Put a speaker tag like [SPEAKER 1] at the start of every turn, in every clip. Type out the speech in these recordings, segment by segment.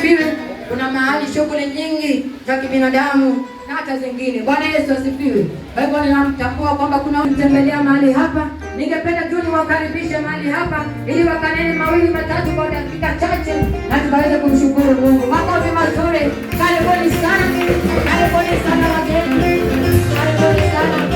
[SPEAKER 1] asifiwe. Kuna mahali shughuli nyingi za kibinadamu na hata zingine. Bwana Yesu asifiwe. Kwa hivyo ninamtambua kwamba kuna mtembelea mahali hapa, ningependa tu niwakaribishe mahali hapa ili wakanene mawili matatu kwa dakika chache na tukaweze kumshukuru Mungu. Makofi mazuri. Karibuni sana, karibuni sana wageni, karibuni sana.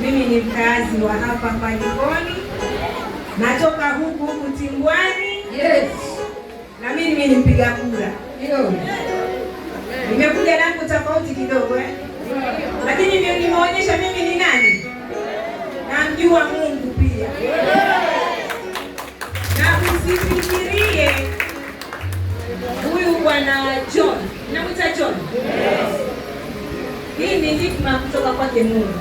[SPEAKER 2] Mimi ni mkazi wa hapa Pajikoni, natoka huku huku Tingwani. Yes. Na mimi mimi ni mpiga kura. Ndio. Nimekuja nangu tofauti kidogo eh? Lakini mimi nimeonyesha mimi ni nani? Namjua Mungu pia. Na usifikirie huyu bwana John. Namwita John. Hii ni hikma kutoka kwake Mungu.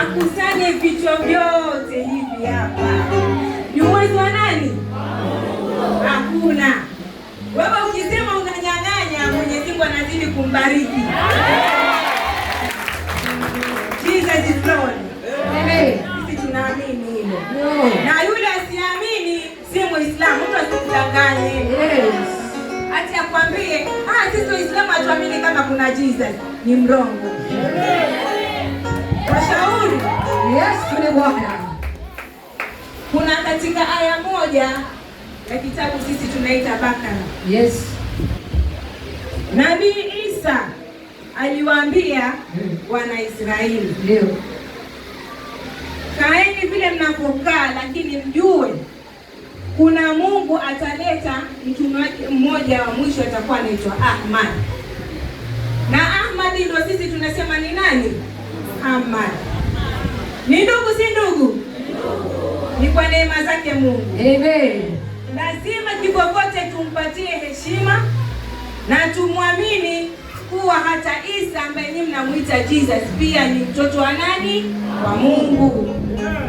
[SPEAKER 2] Akusanye vichwa vyote hivi hapa. Ni mwezi wa nani? Hakuna. Wewe ukisema unanyang'anya, Mwenyezi Mungu anazidi kumbariki. Jesus is Lord. Amen. na Jesus ni mrongo. Washauri,
[SPEAKER 1] Yesu ni Bwana.
[SPEAKER 2] Kuna katika aya moja ya kitabu sisi tunaita Bakara. Yes. Nabii Isa aliwaambia Wanaisraeli, ndio kaeni vile mnapokaa, lakini mjue kuna Mungu ataleta mtume wake mmoja wa mwisho, atakuwa anaitwa Ahmad na Ahmad ndio sisi tunasema ni nani? Muhammad ni ndugu, si ndugu? Ni kwa neema zake Mungu.
[SPEAKER 1] Amen.
[SPEAKER 2] Lazima kikokote tumpatie heshima na tumwamini kuwa hata Isa ambaye nyinyi mnamwita Jesus pia ni mtoto wa nani?
[SPEAKER 1] Wa Mungu.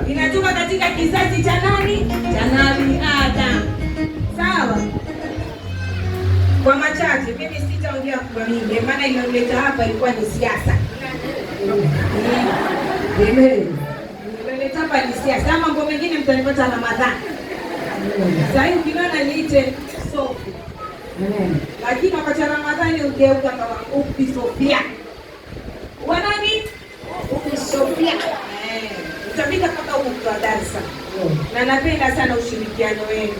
[SPEAKER 2] Inatoka katika kizazi cha nani?
[SPEAKER 1] Cha Nabii Adam.
[SPEAKER 2] Sawa. Kwa machache, mimi sitaongea kwa mimi, maana ilileta hapa ilikuwa ni siasa. Ilileta hapa ni siasa, mambo mengine mtanipata Ramadhani. Sasa hivi ukiniona niite Sofi, lakini wakati Ramadhani ugeuka kama Upi Sofia, wanani
[SPEAKER 1] Upi Sofia
[SPEAKER 2] utapita mpaka huko Dar es Salaam, na napenda sana ushirikiano wenu.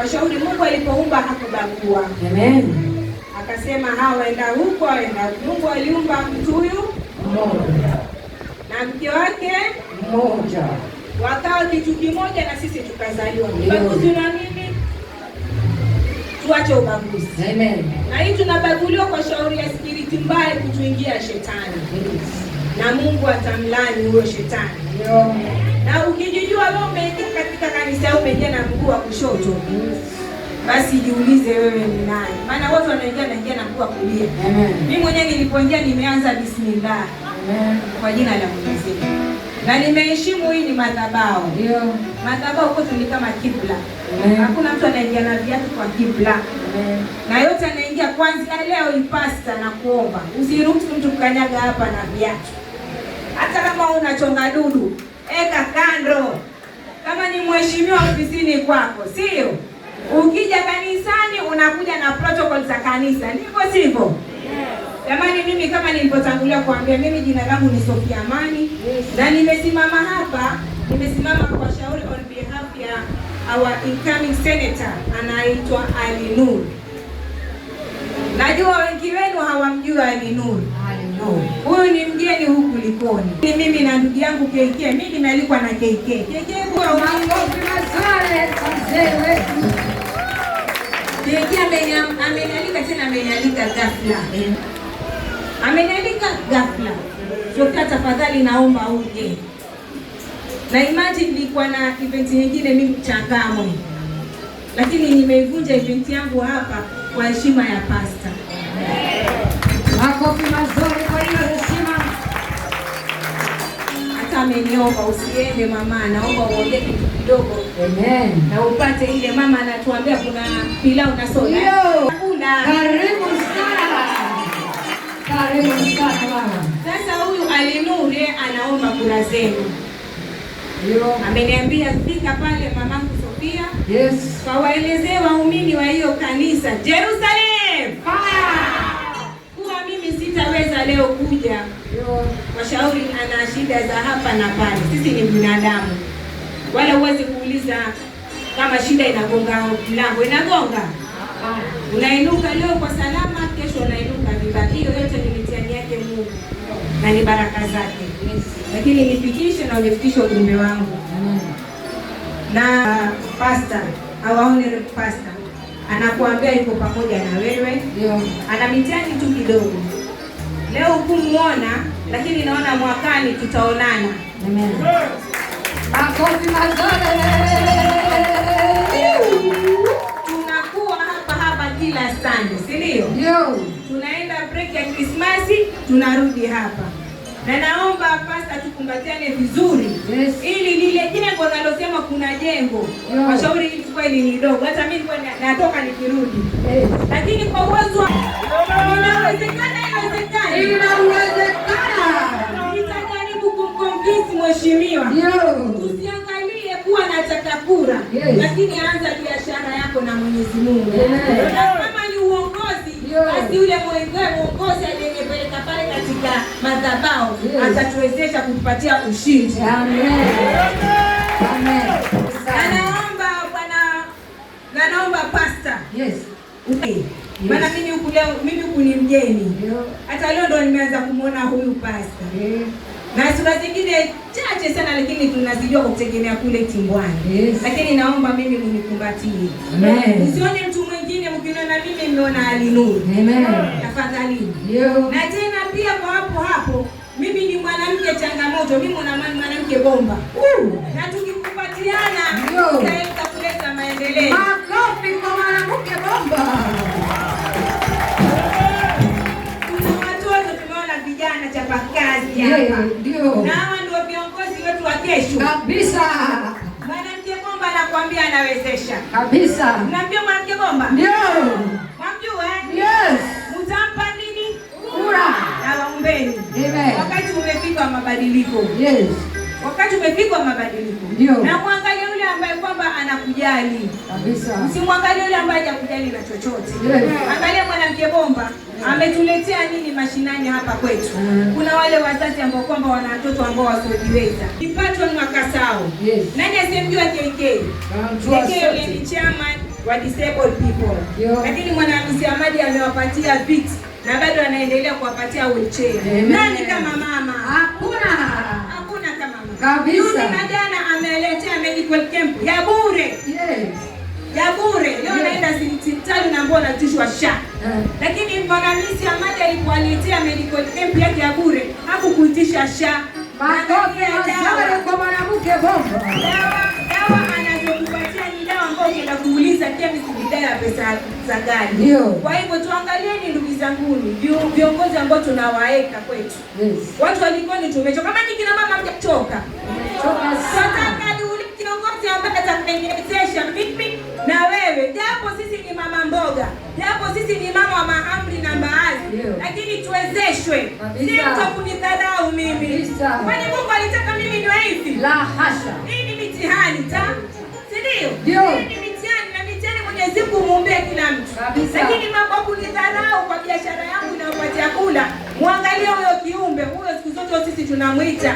[SPEAKER 2] Washauri Mungu alipoumba hakubagua. Amen. Akasema hawa waenda huko waenda. Mungu aliumba mtu huyu
[SPEAKER 1] mmoja
[SPEAKER 2] na mke wake mmoja, wakawa kitu kimoja na sisi tukazaliwa. Ubaguzi na nini? Tuache ubaguzi. Amen. Na hii tunabaguliwa kwa shauri ya spiriti mbaya kutuingia shetani. Yes. Na Mungu atamlani huyo shetani. Amen na ukijijua leo umeingia katika kanisa umeingia na mguu wa kushoto, basi jiulize wewe ni nani, maana watu wanaingia naingia na mguu wa kulia. Mimi mwenyewe nilipoingia nimeanza bismillah kwa jina la Mwenyezi na nimeheshimu hii ni madhabahu. Ndio. Madhabahu kwetu ni kama kibla. Hakuna mtu anaingia na viatu kwa kibla. Na yote anaingia kwanza leo ipasta na kuomba. Usiruhusu mtu kukanyaga hapa na viatu. Hata kama unachonga dudu, eka kando. Kama ni mheshimiwa ofisini kwako, sio? Ukija kanisani unakuja na protocol za kanisa, ndivyo sivyo? Jamani, mimi kama nilipotangulia kuambia, mimi jina langu ni Sophia Amani na nimesimama hapa, nimesimama kwa shauri on behalf ya our incoming senator anaitwa Ali Nur. Najua wengi wenu hawamjui Ali Nur. Ni Mimi na ndugu yangu KK, mimi nimealikwa na KK. KK amenialika tena, amenialika ghafla, amenialika ghafla. Dokta, tafadhali naomba uje. Na imagine nilikuwa na event nyingine mimi Changamwe, lakini nimeivunja event yangu hapa kwa heshima ya pasta.
[SPEAKER 1] Makofi mazuri kwa hiyo
[SPEAKER 2] ameniomba usiende mama, naomba uongee kitu kidogo Amen. na upate ile mama anatuambia kuna pilau na
[SPEAKER 1] soda. Karibu sana. Karibu sana mama.
[SPEAKER 2] Sasa huyu alinuri anaomba kura zenu, ameniambia fika pale mama Sofia, yes, kawaelezee waumini wa hiyo kanisa Jerusalem sitaweza leo kuja washauri, ana shida za hapa na pale. Sisi ni binadamu, wala huwezi kuuliza kama shida inagonga mlango, inagonga unainuka leo kwa salama, kesho unainuka vibaya. Hiyo yote ni mitihani yake Mungu na ni baraka zake, lakini nifikishe na unifikishe ujumbe wangu na pasta awaone pasta anakuambia yuko pamoja na wewe, ana mitihani tu kidogo Leo hukumuona, lakini naona mwakani tutaonana.
[SPEAKER 1] Amen. Makofi mazuri.
[SPEAKER 2] Tunakuwa hapa hapa kila Sunday, si ndio? Tunaenda break ya Krismasi, tunarudi hapa na naomba pasta, tukumbatiane vizuri yes. ili lile jengo nalosema kuna jengo no. Washauri hili kweli ni dogo, hata mimi natoka nikirudi yes. Lakini kwa uwezo inawezekana, inawezekana, nitajaribu kumkomvisi mheshimiwa usiangalie kuwa na chakakura yes. Lakini anza biashara yako na Mwenyezi Mungu yes. Kama ni uongozi basi yes. uongozi mwongozi katika madhabahu atatuwezesha kutupatia ushindi. Anaomba bwana, anaomba pasta Yes. Yes. Maana mimi huku leo mimi huku ni mgeni. Hata leo ndo nimeanza kumwona huyu pasta. Na sura zingine chache sana lakini tunazijua kwa kutegemea kule Timbwani. Yes. Lakini naomba mimi mnikumbatie. Usione mtu mwingine mkiniona mimi mmeona Ali Nuru. Na tena hapo, mimi ni mwanamke changamoto, mimi mwanamke bomba uh, na tukikupatiana tutaweza kuleta maendeleo.
[SPEAKER 1] Makofi kwa mwanamke bomba.
[SPEAKER 2] Tuna watoto tumeona vijana chapakazi hapa,
[SPEAKER 1] ndio na hawa
[SPEAKER 2] ndio viongozi wetu wa kesho
[SPEAKER 1] kabisa.
[SPEAKER 2] Mwanamke bomba anakuambia anawezesha
[SPEAKER 1] kabisa, na
[SPEAKER 2] mwanamke bomba ndio mwamjua,
[SPEAKER 1] yes Yes.
[SPEAKER 2] Wakati umepigwa mabadiliko. Ndio. Na mwangalie yule ambaye kwamba anakujali. Kabisa. Usimwangalie yule ambaye hajakujali na chochote. Yes. Angalia mwanamke bomba ametuletea nini mashinani hapa kwetu. Mm. Kuna wale wazazi ambao kwamba wana watoto ambao wasiojiweza. Kipatwa ni makasao. Yes. Nani asemjua KK? KK ni chama wa disabled people. Lakini mwanahamisi Amadi amewapatia viti na bado anaendelea kuwapatia wheelchair. Nani kama mama?
[SPEAKER 1] Ah, kabisa. Yule
[SPEAKER 2] madana ameletea medical camp ya bure ya bure leo naenda hospitali na mbona natishwa sha. Eh. Lakini mfananisi amaje alikualetea medical camp yake ya bure hakukuitisha sha.
[SPEAKER 1] Maana kwa mwanamke bomba. Dawa
[SPEAKER 2] ukienda kuuliza chemist bidhaa ya pesa za gani? Ndio. Kwa hivyo tuangalieni ndugu zangu, viongozi ambao tunawaeka kwetu. Yes. Watu walikoni tumechoka, kama ni kina mama mjatoka. Tunataka ni kiongozi ambaye atakayeniwezesha mimi na wewe, japo sisi ni mama mboga, japo sisi ni mama wa mahamri na mbaazi, lakini tuwezeshwe, si mtakunidharau mimi. Kwani Mungu alitaka mimi niwe hivi?
[SPEAKER 1] La hasha, hii
[SPEAKER 2] ni mitihani ta, sindio ndio? Mwenyezi Mungu muombee kila mtu, lakini mambo kunidharau kwa biashara yangu inayopatia kula, mwangalie huyo kiumbe huyo. Siku zote sisi tunamwita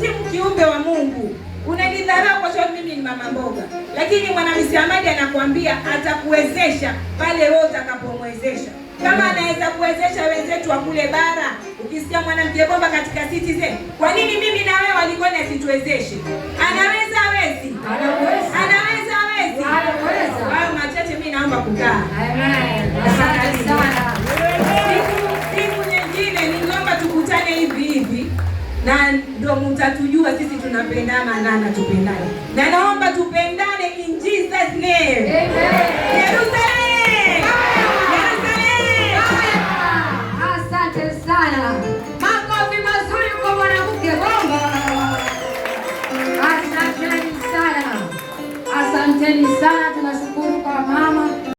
[SPEAKER 2] simu kiumbe wa Mungu. Unanidharau kwa sababu mimi ni mama mboga, lakini mwanamisi Hamadi anakuambia atakuwezesha pale wewe utakapomwezesha kama anaweza kuwezesha wenzetu wa kule bara. Ukisikia mwanamke bomba katika siti kwa nini mimi na wewe waligona situwezeshe? Anaweza, anaweza, Anaweza
[SPEAKER 1] hayo
[SPEAKER 2] machache, mimi naomba kukaa siku nyingine, ninaomba tukutane hivi hivi, na ndo mtatujua sisi tunapendana na natupendane, na naomba tupendane in Jesus name.
[SPEAKER 1] Amen. sana, tunashukuru kwa mama